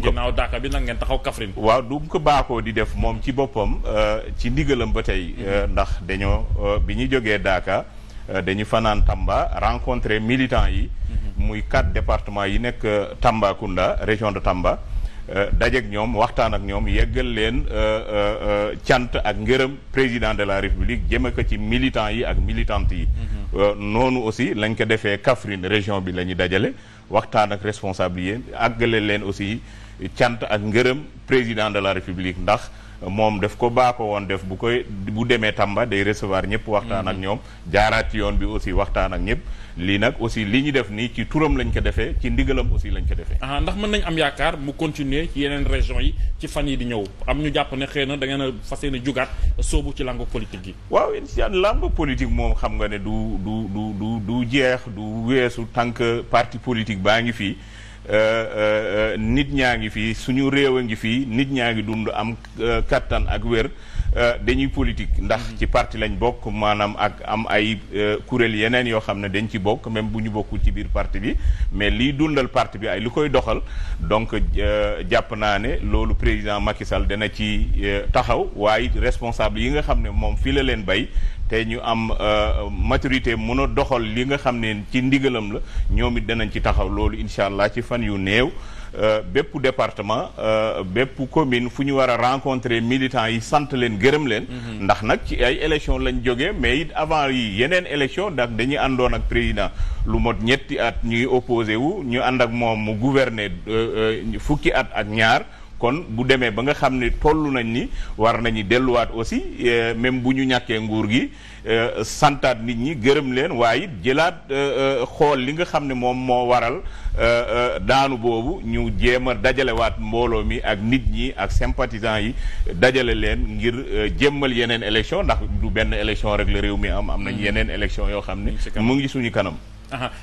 donc ginnaaw daaka bi nag ngeen taxaw Kaffrine. waaw du ko baakoo di def moom ci boppam euh, ci ndigalam ba tey. Mhm. Euh, ndax dañoo euh, bi ñu jógee daaka dañu fanaan Tamba rencontré militants yi. Mhm. muy quatre départements yi nekk Tambacounda région de Tamba. dajeeg ñoom waxtaan ak ñoom yeggal leen cant ak ngërëm président de la république jëme ko ci militants yi ak militantes yi. Mhm. noonu aussi lañ ko defee Kaffrine région bi la ñu dajale. waxtaan ak responsable yi àggale leen aussi cant ak ngërëm président de la république ndax moom def ko baa ko woon def bu koy bu demee Tamba day recevoir ñëpp waxtaan ak mhm. ñoom jaaraat ci yoon bi aussi waxtaan ak ñëpp li nag aussi li ñu def nii ci turam lañu ko defee ci ndigalam aussi lañ ko defee ah ndax mën nañ am yaakaar mu continuer ci yeneen région yi ci fan yi di ñëw am ñu jàpp ne xëy na dangeen a fas yéene jugaat soobu ci langue politique yi waaw incha làmb langue moom xam nga ne du du du du du jeex du weesu tant que parti politique baa ngi fii Euh, euh, euh, nit ñaa ngi fii suñu réew a ngi fii nit ñaa ngi dund am kattan ak wér Euh, dañuy politique ndax mm-hmm. ci parti lañ bokk maanaam ak am ay euh, kuréel yeneen yoo xam ne dañ ci bokk même bu ñu bokkul ci biir parti bi mais liy dundal parti bi ay lu koy doxal donc euh, jàpp naa ne loolu président Macky dana ci taxaw waaye responsable yi nga xam ne moom fii la leen bay te ñu am maturité mën a doxal li nga xam ne ci ndigalam la ñoom it danañ ci taxaw loolu incha allah ci fan yu néew Euh, bépp département euh, bépp commune fu ñu war a rencontrer militants yi sant leen gërëm leen mhm. ndax nag ci ay élection lañ jógee mais it avant yi yeneen élection ndax dañuy àndoon ak président lu mot ñetti at ñuy opposé wu ñu ànd ak moom mu gouverner euh, fukki at ak ñaar kon bu demee ba nga xam ne toll nañ ni war nañu delluwaat aussi même bu ñu ñàkkee nguur gi santaat nit ñi gërëm leen waaye it jëlaat xool li nga xam ne moom moo waral Euh, euh, daanu boobu ñu jéem a dajalewaat mbooloo mi ak nit ñi ak sympathisants yi dajale leen ngir euh, jëmmal yeneen élection ndax du benn élection rek réew mi am am nañ hmm. yeneen élection yoo xam ne mu ngi suñu kanam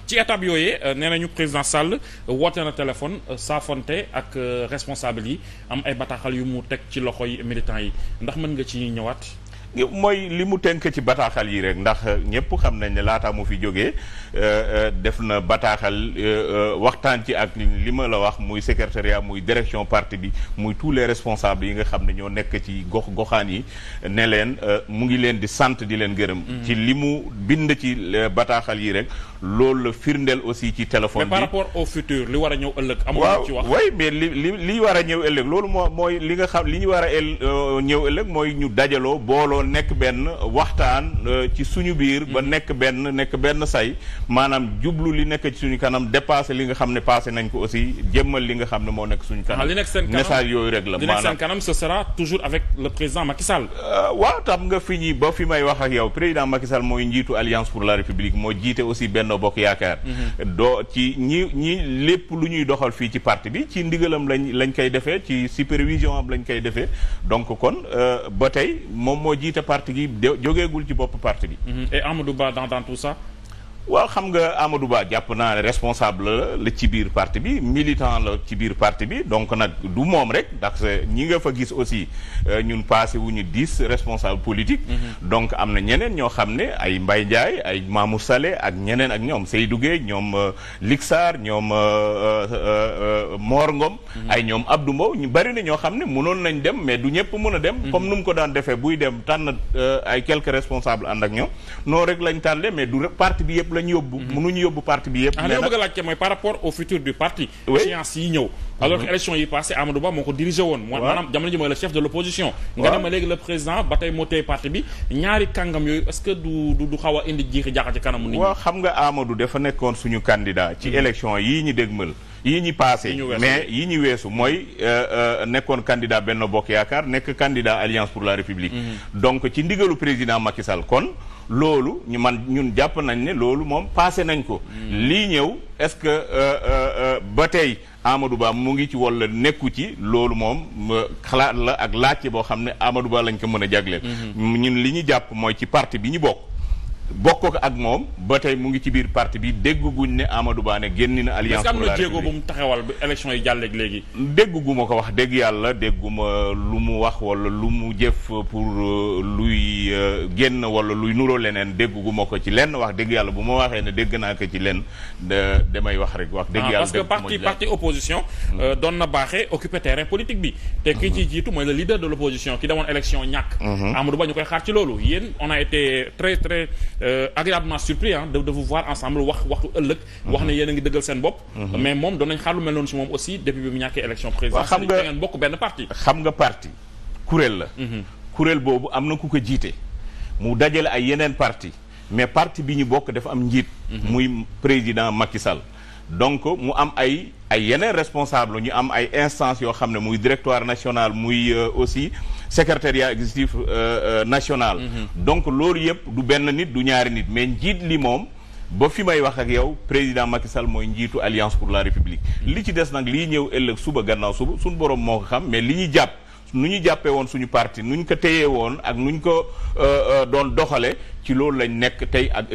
ci étape yooyee nee nañu président Sall woote na téléphone saafonte ak responsable yi am ay bataaxal yu mu teg ci loxoy militants yi ndax mën nga ci ñëwaat mooy li mu tënk ci bataaxal yi rek ndax euh, ñëpp xam nañ ne laataa mu fi jógee euh, euh, def na bataaxal waxtaan ci ak li ma la wax muy secrétariat muy direction parti bi muy tous les responsables yi nga xam ne ñoo nekk ci gox goxaan yi ne leen mu ngi leen di sant di leen gërëm. Mm. ci li mu bind ci bataaxal yi rek loolu la firndeel aussi ci téléphone bi. mais par rapport au futur li war a ñëw ëllëg. amul ci wax waaw mais li li li war a ñëw ëllëg loolu moo mooy li nga xam li ñu war a ñëw ëllëg mooy ñu dajaloo booloo. woon nekk benn waxtaan euh, ci suñu biir ba mhm. nekk benn nekk benn say maanaam jublu li nekk ci suñu kanam dépassé li nga xam ne passé nañ ko aussi jëmmal li nga xam ne moo nekk suñu kanam ah, message yooyu rek la maanaam li nekk seen kanam ce sera toujours avec le président Macky Sall euh, waaw tam nga fi ñi ba fi may wax ak yow président Macky Sall mooy njiitu alliance pour la république moo jiite aussi Benno Bokk Yaakaar mhm. do ci ñi ñi lépp lu ñuy doxal fii ci partie bi ci ndigalam lañ lañ koy defee ci supervision am lañ koy defee donc euh, jiite parti gi jógeegul ci bopp parti bi. Mhm. et Amadou Ba dans dans tout ça. waaw xam nga Amadou Ba jàpp naa ne responsable la ci biir parti bi militant la ci biir parti bi donc nag du moom rek ndax ñi nga fa gis aussi euh, ñun passé wu ñu dix responsable politique. Mhm. donc am na ñeneen ñoo xam ne ay Mbaye Ndiaye ay maamu sale ak ñeneen ak ñoom Seydou Gueye ñoom euh, Lixar ñoom euh, Mor Ngom. Mhm. ay ñoom Abdou Mbow ñu bari na ñoo xam ne mënoon nañ dem mais du ñëpp mën a dem. Mhm. comme nu mu ko daan defee buy dem tànn ay quelques responsables ànd ak ñoom noonu rek lañ tànnee mais du parti bi yëpp. yëpp lañ yóbbu. Mhm. mënuñu yóbbu parti bi yëpp. Ah, mais nag bëgg a laajte mooy par rapport au futur du parti. échéance yi ñëw. alors que mhm. élection yi passé Amadou Ba moo ko dirigé woon. waaw maanaam jamono ji mooy le chef de l' opposition. nga ne ma léegi le président ba tey moo téye parti bi ñaari kàngam yooyu est ce que du du xaw a indi jiixi jaaxa ci kanamu. nit ñi waaw xam nga Amadou dafa nekkoon suñu candidat. ci mhm. élection yii ñu dégmal. yii ñi passé mais yii ñi weesu mooy euh, euh, nekkoon candidat Benno Bokk Yaakaar nekk candidat Alliance pour la République. donc ci ndigalu président Macky Sall kon. loolu ñu man ñun jàpp nañ ne loolu moom passé nañ ko. lii ñëw est-ce que euh, euh, euh, ba tey Amadou Ba mu ngi ci walla nekku ci loolu moom xalaat la ak laajte boo xam ne Amadou Ba lañ ko mën a jagleel. Mm-hmm. ñun li ñu jàpp mooy ci parti bi ñu bokk. bokk ko ak moom ba tey mu ngi ci biir parti bi dégguñ ne Amadou Ba ne génn na. alliance pour la République am na jéego bu mu taxawal ba élection yi jàlleeg léegi. déggu ma ko wax dégg yàlla dégguma lu mu wax wala lu mu jëf pour euh, luy euh, génn wala luy nuroo leneen déggu ma ko ci lenn wax dégg yàlla bu ma waxee ne dégg naa ko ci lenn damay wax rek wax. dégg ah, yàlla parce que parti parti opposition. Mm. Euh, doon na baaxee occuper terrain politique bi. te ki ci jiitu mooy le leader de l' opposition ki demoon élection ñàkk. Mm-hmm. Amadou Ba ñu Euh, agréablement surpris ah de de vous voir ensemble wax waxtu ëllëg. Mhm. wax na yéen ngi dëggal seen bopp. Mhm. mais moom doon nañ xaar lu mel noonu si moom aussi depuis bi mu ñàkkee élection présidentielle. waaw xam nga bokk benn parti. xam nga parti kuréel la. Mhm. kuréel boobu am na ku ko jiite mu dajale ay yeneen parti mais parti bi ñu bokk dafa am njiit. muy président Macky Sall. donc mu am ay ay yeneen responsable ñu am ay instance yoo xam ne muy directoire national muy euh, aussi secrétariat exécutif euh, euh, nationale mm-hmm. donc loolu yëpp du benn nit du ñaari nit mais njiit li moom ba fi may wax ak yow président Macky Sall mooy njiitu alliance pour la république mm-hmm. li ci des nag liy ñëw ëllëg suba gannaaw suba suñu borom moo ko xam mais li ñuy jàpp nu ñu jàppee woon suñu parti nu ñu ko téyee woon ak nu ñu ko doon doxale ci loolu lañ nekk tey ak